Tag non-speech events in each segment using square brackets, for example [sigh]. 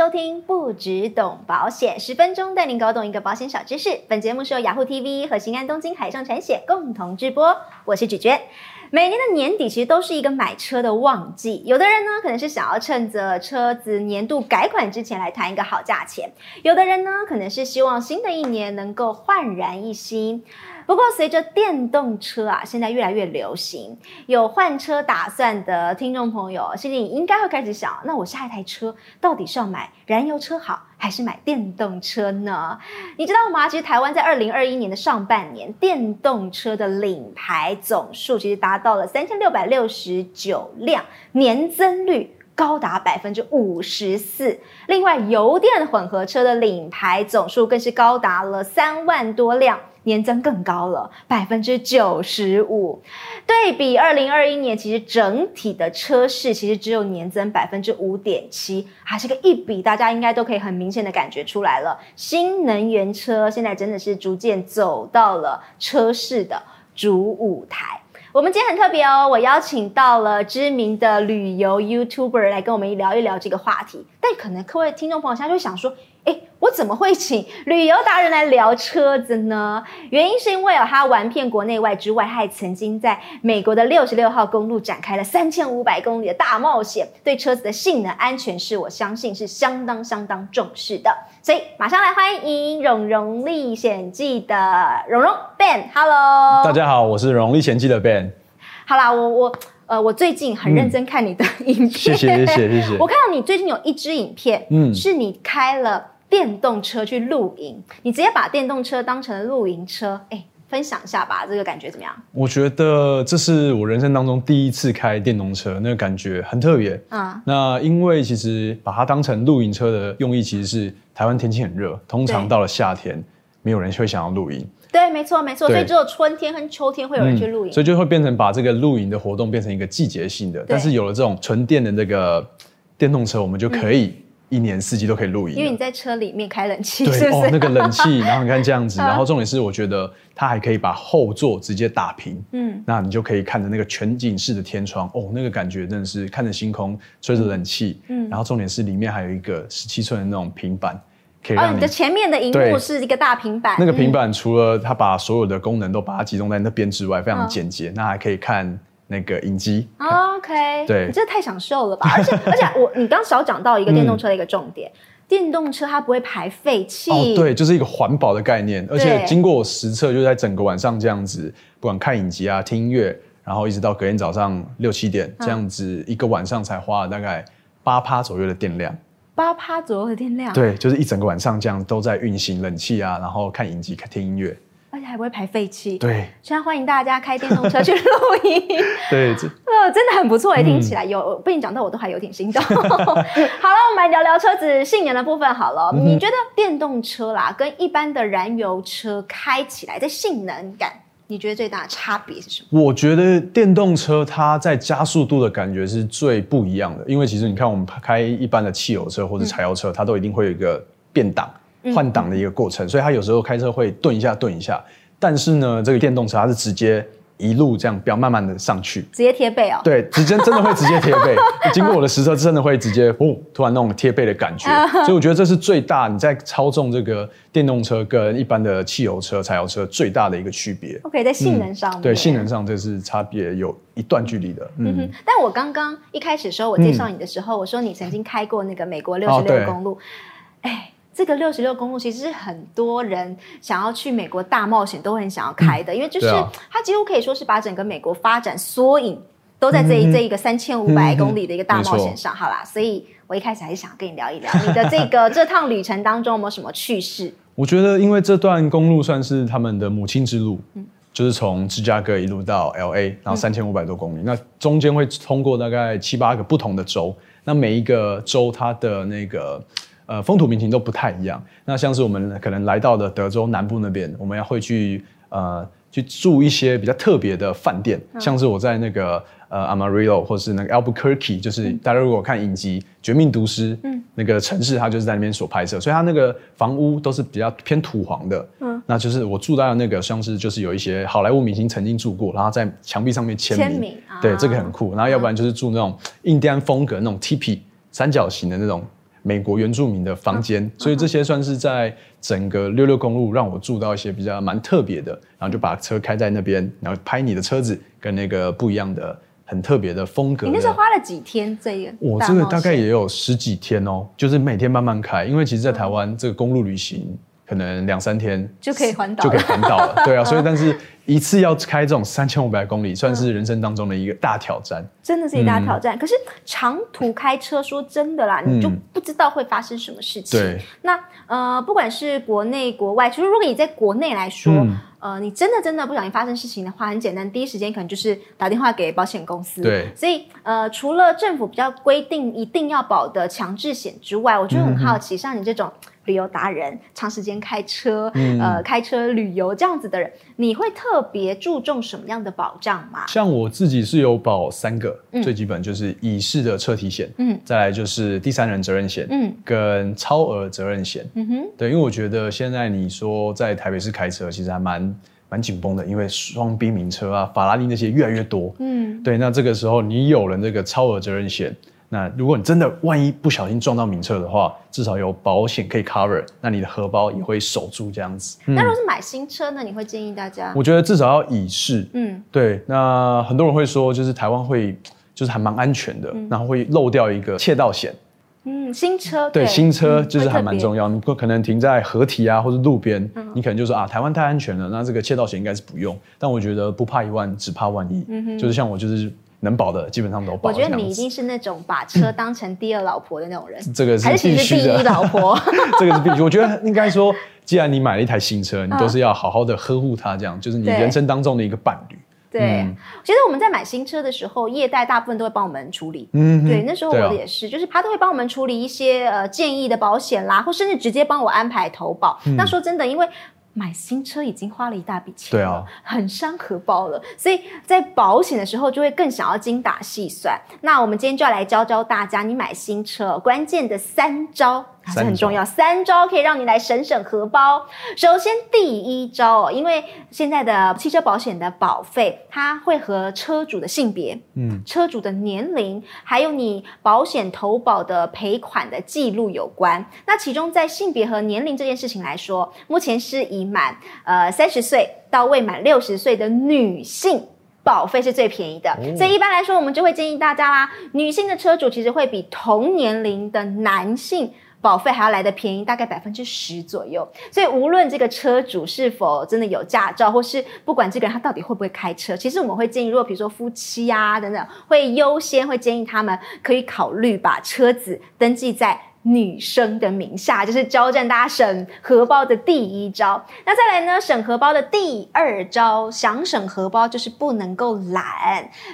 收聽不芷懂保險，十分鐘帶您搞懂一個保險小知識。本節目是由 Yahoo TV 和新安東京海上產險共同直播。我是芷娟。每年的年底其實都是一個買車的旺季，有的人呢可能是想要趁着車子年度改款之前來談一個好價錢，有的人呢可能是希望新的一年能夠煥然一新。不過，隨着電動車啊，現在越來越流行，有換車打算的聽眾朋友，心裡應該會開始想：那我下一台車到底是要買燃油車好，還是買電動車呢？你知道嗎？其實台灣在二零二一年的上半年，電動車的領牌總數其實達到了三千六百六十九輛，年增率高達百分之五十四。另外，油電混合車的領牌總數更是高達了三萬多輛。年增更高了百分之九十五，對比二零二一年，其實整體的車市其實只有年增百分之五點七，啊，這個一比，大家應該都可以很明顯的感覺出來了。新能源車現在真的是逐漸走到了車市的主舞台。我們今天很特別哦，我邀請到了知名的旅遊 YouTuber 來跟我們聊一聊這個話題。但可能各位聽眾朋友現在就會想說，我怎麼會請旅遊達人來聊車子呢？原因是因為有他玩遍國內外之外，還曾經在美國的六十六號公路展開了三千五百公里的大冒險。對車子的性能、安全，是我相信是相當相當重視的。所以馬上來歡迎《融融歷險記》的融融 Ben，Hello，大家好，我是《融融歷險記》的 Ben。好啦，我我呃，我最近很認真看你的、嗯、影片。謝謝謝謝謝謝。我看到你最近有一支影片，嗯，是你開了。電動車去露營，你直接把電動車當成了露營車，哎，分享一下吧，這個感覺怎麼樣？我覺得這是我人生當中第一次開電動車，那個感覺很特別。嗯，那因為其實把它當成露營車的用意，其實是台灣天氣很熱，通常到了夏天，沒有人會想要露營。對，沒錯，沒錯。所以只有春天跟秋天會有人去露營，嗯。所以就會變成把這個露營的活動變成一個季節性的，但是有了這種純電的這個電動車，我們就可以，嗯。一年四季都可以露營，因為你在車裡面開冷氣，是不是？對、哦、那個冷氣，然後你看這樣子，然後重點是，我覺得它還可以把後座直接打平。嗯，那你就可以看着那個全景式的天窗，哦，那個感覺真的是看着星空，吹着冷氣。嗯，然後重點是裡面還有一個十七寸的那種平板，可以讓你、哦、你的前面的屏幕是一個大平板。那個平板除了它把所有的功能都把它集中在那邊之外，非常簡潔、嗯，那還可以看。那個影集，OK，、嗯、對，你這太享受了吧！而且 [laughs] 而且我，你剛少講到一個電動車的一個重點，嗯、電動車它不會排廢氣哦，對，就是一個環保的概念。而且經過我實測，就在整個晚上這樣子，不管看影集啊、聽音樂，然後一直到隔天早上六七點、嗯、這樣子，一個晚上才花了大概八趴左右的電量。八趴左右的電量，對，就是一整個晚上這樣都在運行冷氣啊，然後看影集、聽音樂。還不會排廢氣，對，現在歡迎大家開電動車去露營， [laughs] 對，呃，真的很不錯誒，聽起來有、嗯、被你講到我都還有點心動。 [laughs] 好了，我們來聊聊車子性能的部分好了、嗯，你覺得電動車啦跟一般的燃油車開起來的性能感，你覺得最大的差別是什麼？我覺得電動車它在加速度的感覺是最不一樣的，因為其實你看我們開一般的汽油車或者柴油車、嗯，它都一定會有一個變檔。換擋的一個過程，嗯、所以它有時候開車會頓一下，頓一下。但是呢，這個電動車它是直接一路這樣不要慢慢的上去，直接貼背哦。對，直接真的會直接貼背。 [laughs] 經過我的實測真的會直接，哦，突然那種貼背的感覺。 [laughs] 所以我覺得這是最大你在操縱這個電動車跟一般的汽油車、柴油車最大的一個區別。OK，在性能上，嗯、對，對，對性能上這是差別有一段距離的嗯。嗯哼，但我剛剛一開始時候我介紹你的時候、嗯，我說你曾經開過那個美國六十六公路，哎、哦。這個六十六公路其實是很多人想要去美國大冒險，都很想要開的，因為就是它幾乎可以說是把整個美國發展縮影，都在這一這一個三千五百公里的一個大冒險上、嗯嗯嗯。好啦，所以我一開始還是想跟你聊一聊 [laughs] 你的這個這趟旅程當中有沒有什麼趣事？我覺得，因為這段公路算是他們的母親之路，嗯、就是從芝加哥一路到 LA，然後三千五百多公里、嗯，那中間會通過大概七八個不同的州，那每一個州它的那個。呃，風土民情都不太一樣。那像是我們可能來到的德州南部那邊，我們也會去呃去住一些比較特別的飯店、嗯，像是我在那個呃 Amarillo 或是那個 Albuquerque，就是大家如果看影集、嗯《絕命毒師》，嗯，那個城市它就是在那邊所拍攝，所以它那個房屋都是比較偏土黃的。嗯，那就是我住到那個像是就是有一些好萊塢明星曾經住過，然後在牆壁上面簽名，啊、對，這個很酷。然後要不然就是住那種印第安風格那種 tipi 三角形的那種。美國原住民的房間、嗯，所以這些算是在整個六六公路讓我住到一些比較蠻特別的，然後就把車開在那邊，然後拍你的車子跟那個不一樣的很特別的風格的。你那時候花了幾天？這個我、哦、這個大概也有十幾天哦，就是每天慢慢開，因為其實，在台灣這個公路旅行。可能兩三天就可以環島，就可以環島了，了。 [laughs] 對啊，所以但是一次要開這種三千五百公里，算是人生當中的一個大挑戰，嗯、真的是一個大挑戰。嗯、可是長途開車，說真的啦，嗯、你就不知道會發生什麼事情。對那，那呃，不管是國內國外，其實如果你在國內來說，嗯、呃，你真的真的不小心發生事情的話，很簡單，第一時間可能就是打電話給保險公司。對，所以呃，除了政府比較規定一定要保的強制險之外，我就很好奇，嗯嗯像你這種。旅遊達人長時間開車，嗯，呃，開車旅遊這樣子的人，你會特別注重什麼樣的保障嗎？像我自己是有保三個，嗯、最基本就是乙式的車體險，嗯，再來就是第三人責任險，嗯，跟超額責任險，嗯哼，對，因為我覺得現在你說在台北市開車，其實還蠻蠻緊繃的，因為雙 B 名車啊、法拉利那些越來越多，嗯，對，那這個時候你有了這個超額責任險。那如果你真的萬一不小心撞到名車的話，至少有保險可以 cover，那你的荷包也會守住這樣子，嗯。那如果是買新車呢？你會建議大家？我覺得至少要乙式。嗯，對。那很多人會說，就是台灣會就是還蠻安全的，嗯，然後會漏掉一個竊盜險。嗯，新車對新車就是還蠻重要，嗯。你可能停在河堤啊，或者路邊，嗯，你可能就說啊，台灣太安全了，那這個竊盜險應該是不用。但我覺得不怕一萬，只怕萬一。嗯，就是像我就是。能保的基本上都保。我覺得你一定是那種把車當成第二老婆的那種人， [laughs] 這個是必須的。還是其實第一老婆， [laughs] 這個是必須。我覺得應該說，既然你買了一台新車，你都是要好好的呵護它，這樣、啊、就是你人生當中的一個伴侶對、嗯。對，其實我們在買新車的時候，業代大部分都會幫我們處理。嗯，對，那時候我也是、哦，就是他都會幫我們處理一些呃建議的保險啦，或甚至直接幫我安排投保、嗯。那說真的，因為。買新車已經花了一大筆錢，對啊，很傷荷包了，所以在保險的時候就會更想要精打細算。那我們今天就要來教教大家，你買新車關鍵的三招。還是很重要三，三招可以讓你來省省荷包。首先，第一招，哦，因為現在的汽車保險的保費，它會和車主的性別、嗯，車主的年齡，還有你保險投保的賠款的記錄有關。那其中，在性別和年齡這件事情來說，目前是已滿呃三十歲到未滿六十歲的女性保費是最便宜的。哦，所以一般來說，我們就會建議大家啦，女性的車主其實會比同年齡的男性。保費還要來得便宜，大概百分之十左右。所以無論這個車主是否真的有駕照，或是不管這個人他到底會不會開車，其實我們會建議，如果比如說夫妻啊等等，會優先會建議他們可以考慮把車子登記在，女生的名下，就是交戰大家省荷包的第一招。那再來呢？省荷包的第二招，想省荷包就是不能夠懶。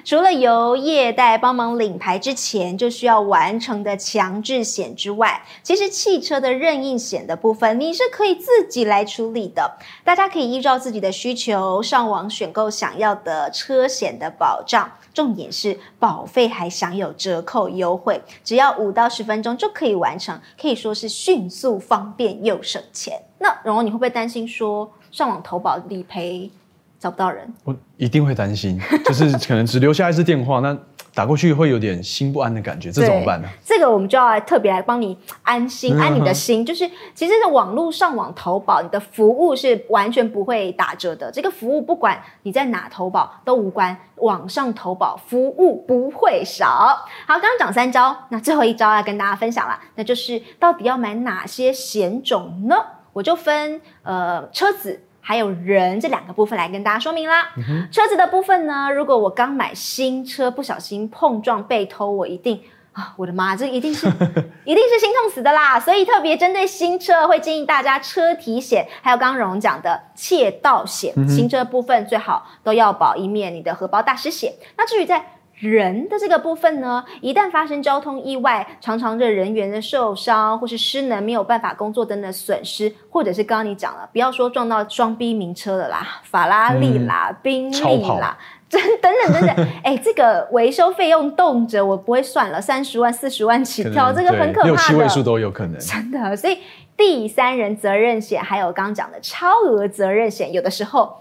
除了由業代幫忙領牌之前就需要完成的強制險之外，其實汽車的任意險的部分，你是可以自己來處理的。大家可以依照自己的需求上網選購想要的車險的保障。重點是保費還享有折扣優惠，只要五到十分鐘就可以完成，可以說是迅速、方便又省錢。那融融，你會不會擔心說上網投保理賠找不到人？我一定會擔心， [laughs] 就是可能只留下一次電話那。打過去會有點心不安的感覺，這怎麼辦呢？這個我們就要來特別來幫你安心、嗯，安你的心，就是其實這網絡上網投保，你的服務是完全不會打折的。這個服務不管你在哪投保都無關，網上投保服務不會少。好，剛剛講三招，那最後一招要跟大家分享了，那就是到底要買哪些險種呢？我就分呃車子。還有人這兩個部分來跟大家說明啦、嗯。車子的部分呢，如果我剛買新車不小心碰撞被偷，我一定啊，我的媽，這一定是一定是心痛死的啦。 [laughs] 所以特別針對新車，會建議大家車體險，還有剛剛融融講的竊盜險。嗯、新車的部分最好都要保以免，你的荷包大失血。那至於在人的這個部分呢，一旦發生交通意外，常常的人員的受傷或是失能，沒有辦法工作等等損失，或者是剛剛你講了，不要說撞到雙 B 名車的啦，法拉利啦、嗯、賓利啦，等等等等，哎、 [laughs] 欸，這個維修費用動輒我不會算了，三十萬、四十萬起跳，這個很可怕的，有七位數都有可能，真的。所以第三人責任險還有剛剛講的超額責任險，有的時候，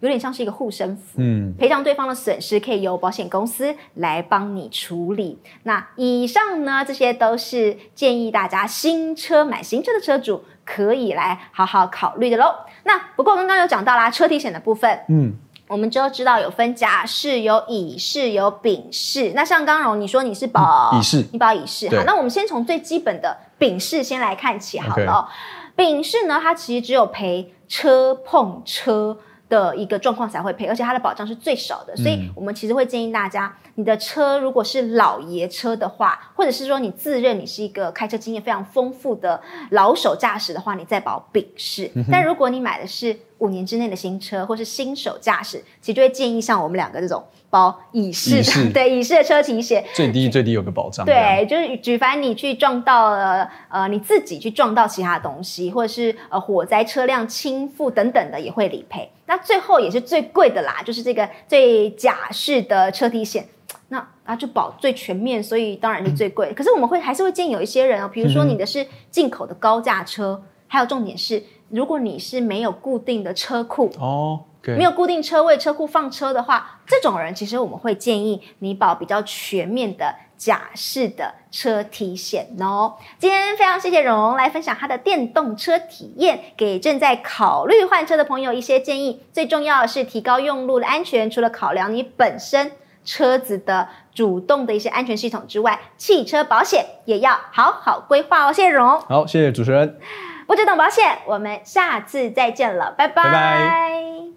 有點像是一個護身符，嗯，賠償對方的損失可以由保險公司來幫你處理。那以上呢，這些都是建議大家新車買新車的車主可以來好好考慮的嘍。那不過剛剛有講到啦，車體險的部分，嗯，我們就知道有分甲式、是有乙式、是有丙式。那像剛榮，你說你是保、嗯、乙式，你保乙式，好，那我們先從最基本的丙式先來看起好，好了，丙式呢，它其實只有賠車碰車，的一個狀況才會賠，而且它的保障是最少的，嗯，所以我們其實會建議大家，你的車如果是老爺車的話，或者是說你自認你是一個開車經驗非常豐富的老手駕駛的話，你再保丙式，嗯。但如果你買的是，五年之內的新車，或是新手駕駛，其實就會建議像我們兩個這種保，乙式的， [laughs] 對乙式的車體險，最低最低有個保障。對，就是舉凡你去撞到了，呃，你自己去撞到其他東西，或者是呃火災、車輛傾覆等等的，也會理賠。那最後也是最貴的啦，就是這個最甲式的車體險，那啊就保最全面，所以當然是最貴。嗯、可是我們會還是會建議有一些人哦，比如說你的是進口的高價車，嗯、還有重點是。如果你是沒有固定的車庫哦，Okay. 沒有固定車位、車庫放車的話，這種人其實我們會建議你保比較全面的甲式的車體險哦。今天非常謝謝融融來分享他的電動車體驗，給正在考慮換車的朋友一些建議。最重要的是提高用路的安全，除了考量你本身車子的主動的一些安全系統之外，汽車保險也要好好規劃哦。謝融，好，謝謝主持人。不芷懂保險，我們下次再見了，拜拜。拜拜。